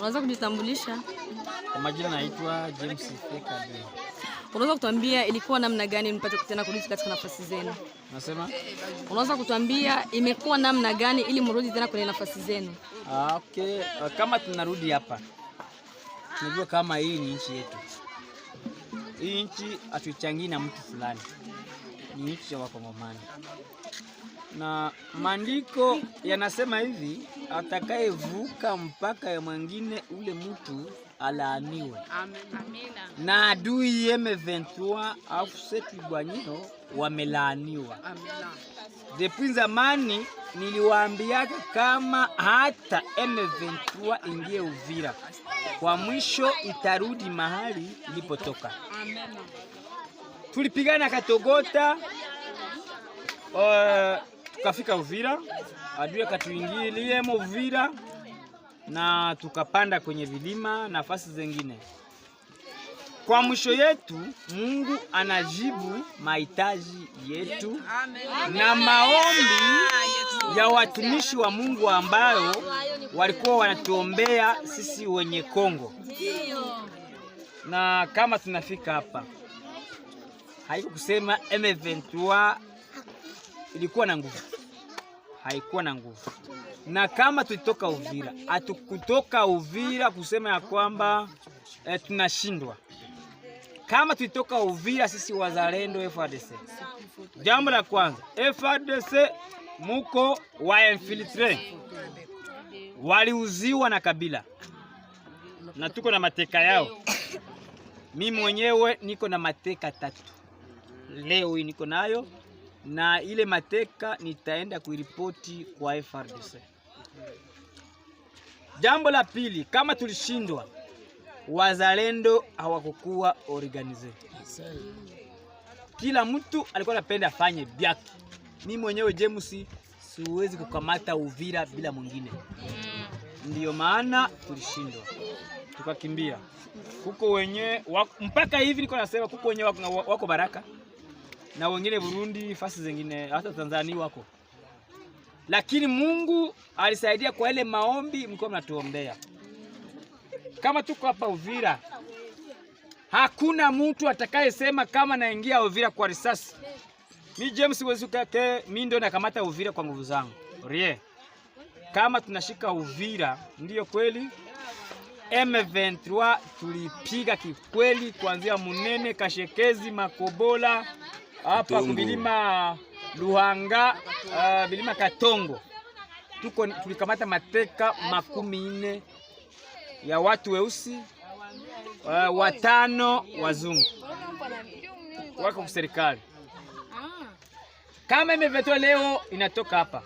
Unaweza kujitambulisha? Kwa majina naitwa James Feka. Unaweza kutuambia ilikuwa namna gani mpate kutana kurudi katika nafasi zenu? Nasema? Unaweza kutuambia imekuwa namna gani ili mrudi tena kwenye nafasi zenu? Ah, okay. Ah, kama tunarudi hapa. Tunajua kama hii ni nchi yetu. Hii nchi hatuichangii na mtu fulani. Ni nchi ya Wakongomani. Na maandiko yanasema hivi atakayevuka mpaka ya mwingine ule mtu alaaniwe. Na adui yeme 23 afu seti bwanyiro wamelaaniwa. Depuis zamani niliwaambiaka kama hata M23 ingie Uvira, kwa mwisho itarudi mahali ilipotoka. Tulipigana Katogota uh, tukafika Uvira, adui akatuingiliemo Uvira na tukapanda kwenye vilima nafasi zengine. Kwa mwisho yetu, Mungu anajibu mahitaji yetu na maombi ya watumishi wa Mungu ambayo walikuwa wanatuombea sisi wenye Kongo. Na kama tunafika hapa, haiko kusema M23 ilikuwa na nguvu, haikuwa na nguvu. Na kama tulitoka Uvira, hatukutoka Uvira kusema ya kwamba eh, tunashindwa. Kama tulitoka Uvira sisi wazalendo FARDC, jambo la kwanza FARDC muko wa infiltre waliuziwa na Kabila na tuko na mateka yao. Mi mwenyewe niko na mateka tatu leo hii niko nayo na ile mateka nitaenda kuiripoti kwa FRDC. Jambo la pili, kama tulishindwa, wazalendo hawakukuwa organize. Kila mtu alikuwa anapenda afanye byake. Mi mwenyewe James siwezi kukamata Uvira bila mwingine, ndiyo maana tulishindwa tukakimbia. Kuko wenye wako, mpaka hivi niko nasema kuko wenye wako, wako Baraka na wengine Burundi, fasi zingine hata Tanzania wako, lakini Mungu alisaidia kwa ile maombi mko mnatuombea. Kama tuko hapa Uvira, hakuna mtu atakayesema kama naingia Uvira kwa risasi. Mi James Wezukake, mi ndio nakamata Uvira kwa nguvu zangu rie. Kama tunashika Uvira, ndiyo kweli M23 tulipiga kikweli, kuanzia Munene, Kashekezi, Makobola hapa kubilima Luhanga, uh, bilima Katongo tuko tulikamata mateka makumi nne ya watu weusi uh, watano wazungu wako kuserikali. Kama imevetwa leo inatoka hapa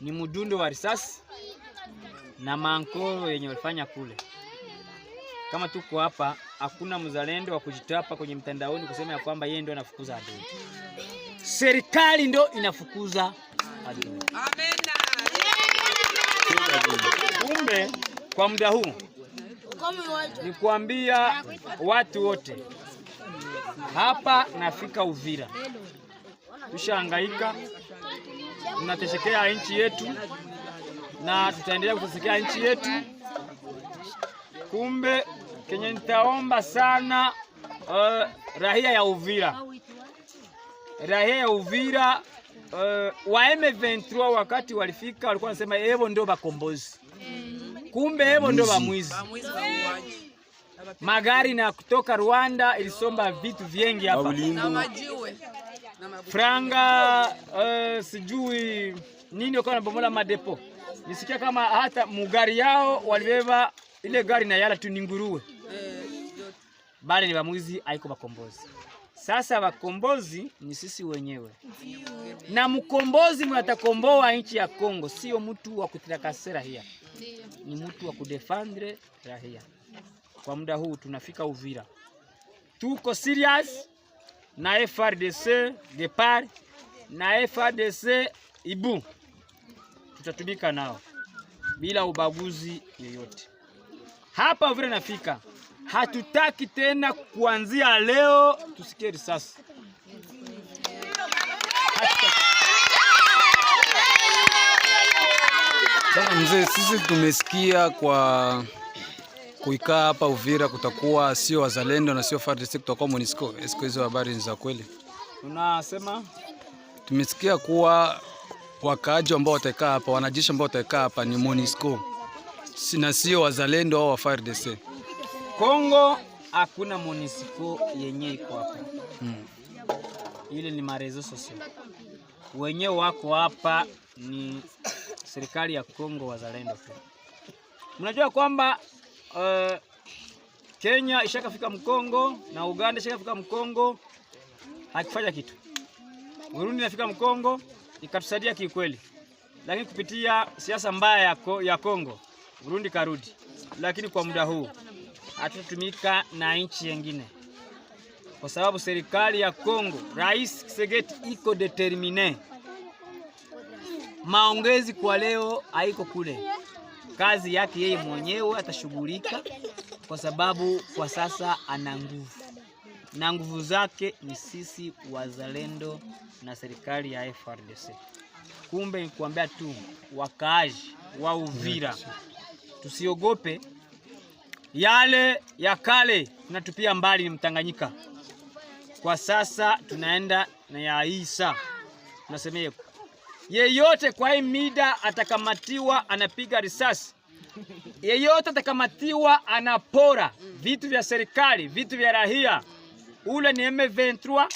ni mudundo wa risasi na mankoro yenye walifanya kule. Kama tuko hapa hakuna mzalendo wa kujitapa kwenye mtandaoni kusema ya kwamba yeye ndio anafukuza adui. Serikali ndio inafukuza adui. Kumbe kwa muda huu ni kuambia watu wote hapa nafika Uvira, tushahangaika, tunateshekea nchi yetu na tutaendelea kutesekea nchi yetu. Kumbe kenye nitaomba sana uh, rahia ya Uvira, rahia ya Uvira uh, wa M23 wakati walifika walikuwa wanasema hevo ndio bakombozi, kumbe evo ndio bamwizi magari na kutoka Rwanda ilisomba vitu vingi hapa franga uh, sijui nini wakawa nabomola madepo. Nisikia kama hata mugari yao walibeba ile gari na yala tu bale ni bamwizi aiko bakombozi. Sasa bakombozi ni sisi wenyewe, na mkombozi mwatakomboa nchi ya Kongo, sio mtu wa kutirakase rahia, ni mtu wa kudefendre rahia. Kwa muda huu tunafika Uvira, tuko serious na FRDC Depar na FRDC Ibu, tutatumika nao bila ubaguzi yoyote. Hapa Uvira nafika hatutaki tena kuanzia leo tusikie risasi. mzee, sisi tumesikia kwa kuikaa hapa Uvira kutakuwa sio wazalendo na sio FARDC, kutakuwa MONUSCO. Esiko eh, hizo habari ni za kweli? Unasema tumesikia kuwa wakaaji ambao watakaa hapa, wanajeshi ambao watakaa hapa ni MONUSCO na sio wazalendo au wa FARDC. Kongo hakuna munisipo yenye iko hapa hmm. Ile ni marezo sosio wenye wako hapa ni serikali ya Kongo wazalendo tu. Mnajua kwamba uh, Kenya ishakafika Mkongo na Uganda ishakafika Mkongo, hakifanya kitu. Burundi inafika Mkongo ikatusaidia kiukweli, lakini kupitia siasa mbaya ya Kongo Burundi karudi, lakini kwa muda huu hatutumika na nchi yengine, kwa sababu serikali ya Kongo, Rais Kisegeti iko determine. Maongezi kwa leo haiko kule, kazi yake yeye mwenyewe atashughulika, kwa sababu kwa sasa ana nguvu na nguvu zake ni sisi wazalendo na serikali ya frdc Kumbe nikuambia tu wakaaji wa Uvira tusiogope. Yale ya kale tunatupia mbali, ni Mtanganyika. Kwa sasa tunaenda na ya Isa, tunasemea yeyote kwa hii mida atakamatiwa anapiga risasi, yeyote atakamatiwa anapora vitu vya serikali, vitu vya rahia. Ule ni M23,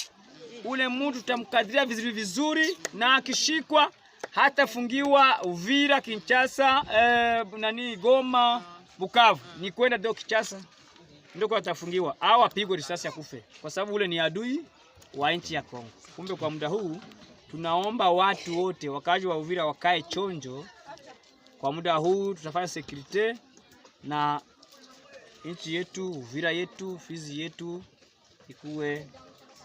ule mtu tutamkadiria vizuri vizuri, na akishikwa hatafungiwa Uvira, Kinshasa, eh, nani Goma Bukavu ni kwenda ndio Kichasa ndio kwa atafungiwa au apigwe risasi akufe, kwa sababu ule ni adui wa nchi ya Kongo. Kumbe kwa muda huu tunaomba watu wote wakazi wa Uvira wakae chonjo. Kwa muda huu tutafanya sekurite na nchi yetu, Uvira yetu, Fizi yetu ikuwe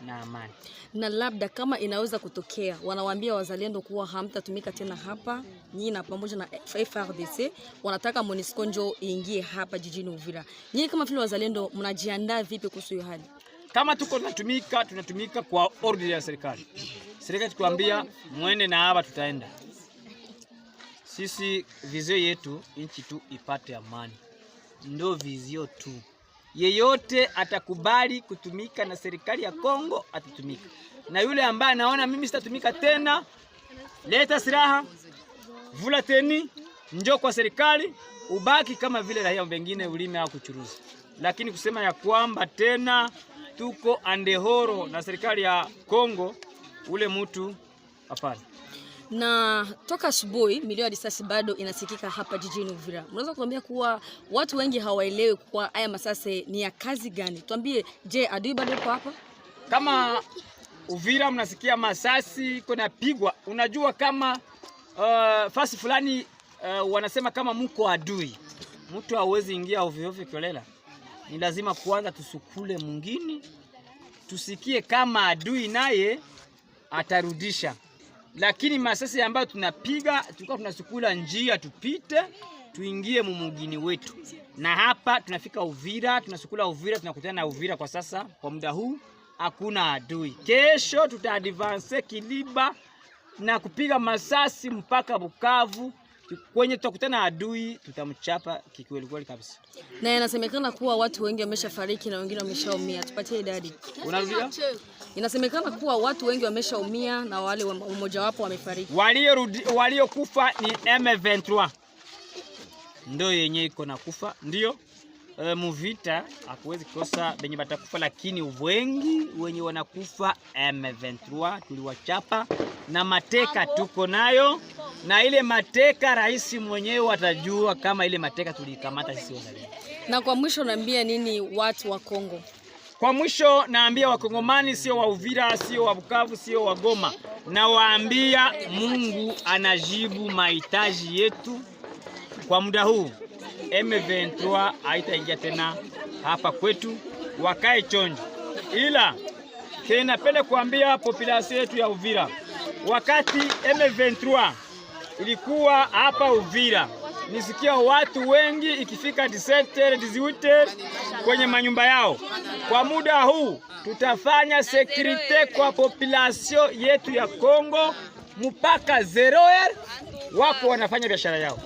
na amani. Na labda kama inaweza kutokea, wanawaambia wazalendo kuwa hamtatumika tena hapa nyinyi, na pamoja na frdc wanataka MONUSCO njo iingie hapa jijini Uvira. Nyinyi kama vile wazalendo mnajiandaa vipi kuhusu hiyo hali? Kama tuko tunatumika, tunatumika kwa order ya serikali. Serikali tukuambia mwende na hapa tutaenda sisi, vizio yetu nchi tu ipate amani, ndo vizio tu yeyote atakubali kutumika na serikali ya Kongo atatumika, na yule ambaye anaona mimi sitatumika tena, leta silaha, vula teni, njo kwa serikali, ubaki kama vile raia wengine, ulime au kuchuruza. Lakini kusema ya kwamba tena tuko andehoro na serikali ya Kongo, ule mutu hapana na toka asubuhi milio ya risasi bado inasikika hapa jijini Uvira. Mnaweza kutuambia kuwa watu wengi hawaelewi kwa haya masasi ni ya kazi gani? Tuambie, je, adui bado yuko hapa? Kama Uvira mnasikia masasi iko unajua kama uh, fasi fulani uh, wanasema kama mko adui, mtu hawezi ingia ovyo ovyo kiolela. Ni lazima kwanza tusukule mwingine, tusikie kama adui naye atarudisha lakini masasi ambayo tunapiga tulikuwa tunasukula njia tupite tuingie mumugini wetu, na hapa tunafika Uvira, tunasukula Uvira, tunakutana na Uvira. Kwa sasa kwa muda huu hakuna adui. Kesho advance Kiliba na kupiga masasi mpaka Bukavu kwenye tutakutana adui tutamchapa kikweli kweli kabisa. Na inasemekana kuwa watu wengi wameshafariki na wengine wameshaumia. Tupatie idadi. Unarudia? Inasemekana kuwa watu wengi wameshaumia na wale mmoja wapo wamefariki. Walio waliokufa ni M23 ndio yenye iko na kufa ndio. E, muvita hakuwezi kukosa benye batakufa, lakini wengi wenye wanakufa M23 tuliwachapa na mateka tuko nayo na ile mateka rais mwenyewe atajua kama ile mateka tulikamata sisi wazalendo. Na kwa mwisho naambia nini watu wa Kongo? Kwa mwisho naambia Wakongomani, sio wa Uvira, sio wa Bukavu, sio wa Goma, nawaambia Mungu anajibu mahitaji yetu kwa muda huu. M23 haitaingia tena hapa kwetu, wakae chonjo. Ila tena pele kuambia populasi yetu ya Uvira, wakati M23 ilikuwa hapa Uvira. Nisikia watu wengi ikifika disetere diziute kwenye manyumba yao. Kwa muda huu tutafanya sekurite kwa populasio yetu ya Kongo mpaka zeroer wako wanafanya biashara yao.